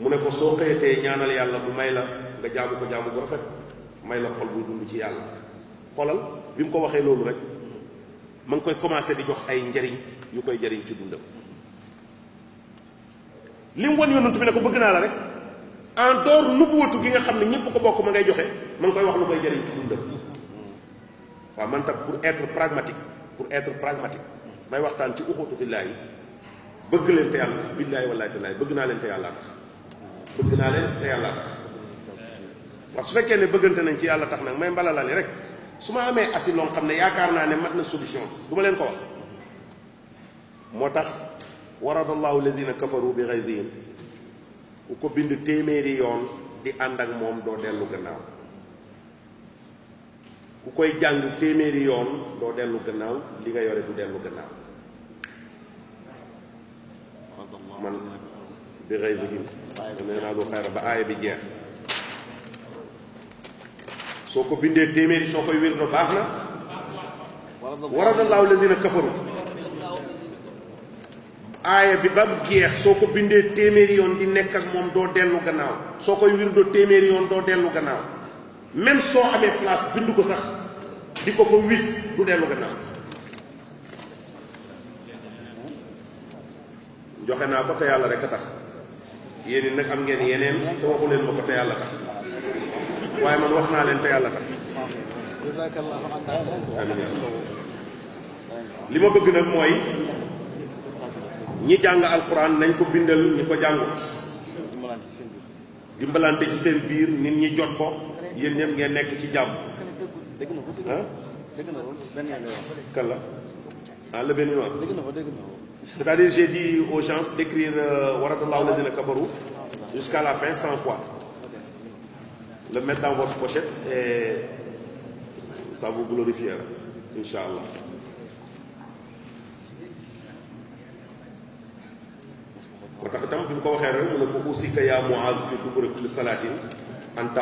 mu ne ko soo xëyatee ñaanal yàlla mu may la nga jaamu ko jaamu bu rafet may la xol buy dund ci yàlla xolal bi mu ko waxee loolu rek ma ngi koy commencé di jox ay njariñ yu koy jariñ ci dundam li mu wan yonent bi ne ko bëgg naa la rek en dehors nubuwatu gi nga xam ne ñëpp ko bokk ma ngay joxe ma ngi koy wax lu koy jariñ ci dundam waaw man tam pour être pragmatique pour être pragmatique may waxtaan ci uxutu fillaahi bëgg leen te yàlla billaahi wallaahi tallaahi bëgg naa leen te bëgg naa leen te yàlla tax waaw su fekkee ne bëggante nañ ci yàlla tax nag may mbalalali rek su ma amee asi loo xam ne yaakaar naa ne mat na solution du leen ko wax moo tax warada allahu lazina kafaru bi ghaizihim ku ko bind téeméeri yoon di ànd ak moom doo dellu gannaaw ku koy jàng téeméeri yoon doo dellu gannaaw li nga yore du dellu gannaaw man bi ghaizihim nee naa du xayra ba aaya bi jeex soo ko bindee téeméeri soo koy wirdo baax na waradallaahu lazina kafaru aaya bi ba mu jeex soo ko bindee téeméeri yoon di nekk ak moom doo dellu gannaaw soo koy wirdo téeméeri yoon doo dellu gannaaw même soo amee place bind ko sax di ko fa wis du dellu gannaaw joxe naa ko yàlla rek a tax yéen nag am ngeen yeneen te waxu leen ma ko te yàlla tax waaye man wax naa leen te yàlla tax li ma bëgg nag mooy ñi jàng alquran nañ ko bindal ñi ko jàngut dimbalante ci seen biir nit ñi jot ko yéen ñëpp ngeen nekk ci jàmm ah kan la ah la benn yoon C'est-à-dire, j'ai dit aux gens d'écrire euh, Waradallahu Kavarou » jusqu'à la fin 100 fois. Le mettre dans votre pochette et ça vous glorifiera, Inch'Allah. vous